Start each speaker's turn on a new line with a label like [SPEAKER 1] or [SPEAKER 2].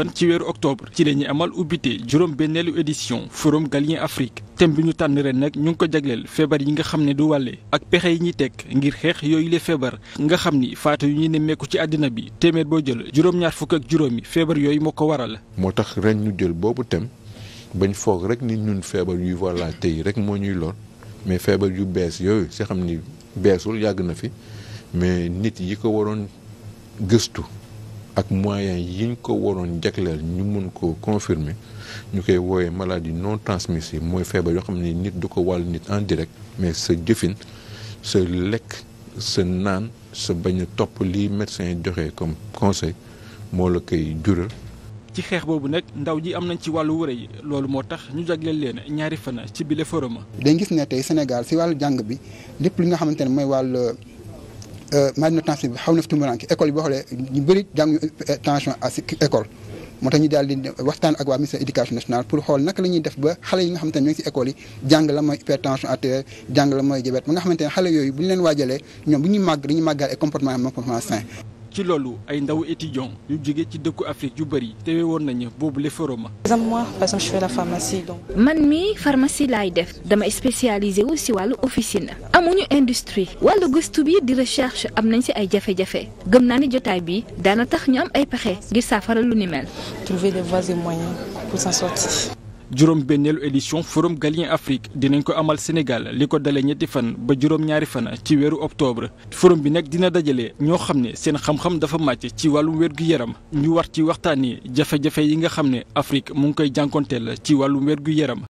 [SPEAKER 1] fan ci weeru octobre ci la ñuy amal ubbite juróom benneelu édition forum Galien Afrique thème bi ñu tànn ren nag ñu ngi ko jagleel feebar yi nga xam ne du wàlle ak pexe yi ñuy teg ngir xeex yooyu le feebar nga xam ni faatu yu ñuy nemmeeku ci àddina bi téeméer boo jël juróom-ñaar fukk ak juróomi feebar yooyu moo ko waral.
[SPEAKER 2] moo tax ren ñu jël boobu tem bañ foog rek ni ñun feebar yuy walla tey rek moo ñuy lor mais feebar yu bees yooyu si xam ni beesul yàgg na fi mais nit yi ko waroon gëstu. ak moyens yiñ ko waroon jagleel ñu mun ko confirmer ñu koy woowee maladie non transmissible mooy feebar yoo xam ne nit du ko wàll nit en direct mais sa jëfin sa lekk sa naan sa bañ a topp lii médecin yi joxe comme conseil moo la koy jural.
[SPEAKER 1] ci xeex boobu nag ndaw ji am nañ ci wàllu yi loolu moo tax ñu jagleel leen ñaari fana ci bile forum.
[SPEAKER 3] dañ gis ne tey Sénégal si wàll jàng bi lépp li nga xamante mooy wàllu. Euh, malnutrition bi xaw na fi tumuraanke école yi boo xoolee ñu bëri jànguñu euh, tension à école moo tax ñu daal di waxtaan ak waa ministère éducation nationale pour xool naka la ñuy def ba xale yi nga xamante ne ñoo ngi si école yi jàng la mooy hypertension artérielle jàng la mooy diabète ba nga xamante ne xale yooyu bu ñu leen waajalee ñoom bu ñuy màgg dañuy màggaal ay comportement comportement sain
[SPEAKER 1] ci loolu ay ndaw étudiants yu jóge ci dëkku Afrique yu bëri teewe woon nañu boobu le forum.
[SPEAKER 4] man mii pharmacie laay def dama spécialisé wu si wàllu officine amuñu industrie wàllu gëstu bi di recherche am nañ si ay jafe-jafe gëm naa ni jotaay bi daana tax ñu am ay pexe ngir saafara lu ni mel. trouver des voies
[SPEAKER 1] juróom benneelu édition forom Galien Afrique dinañ ko amal Sénégal li ko dale ñetti fan ba juróom ñaari fan ci weeru octobre forom bi nag dina dajale ñoo xam ne seen xam-xam dafa màcc ci wàllum wér-gu-yaram ñu wax ci waxtaanee jafe-jafe yi nga xam ne Afrique mu ngi koy jànkonteel ci wàllum wér-gu-yaram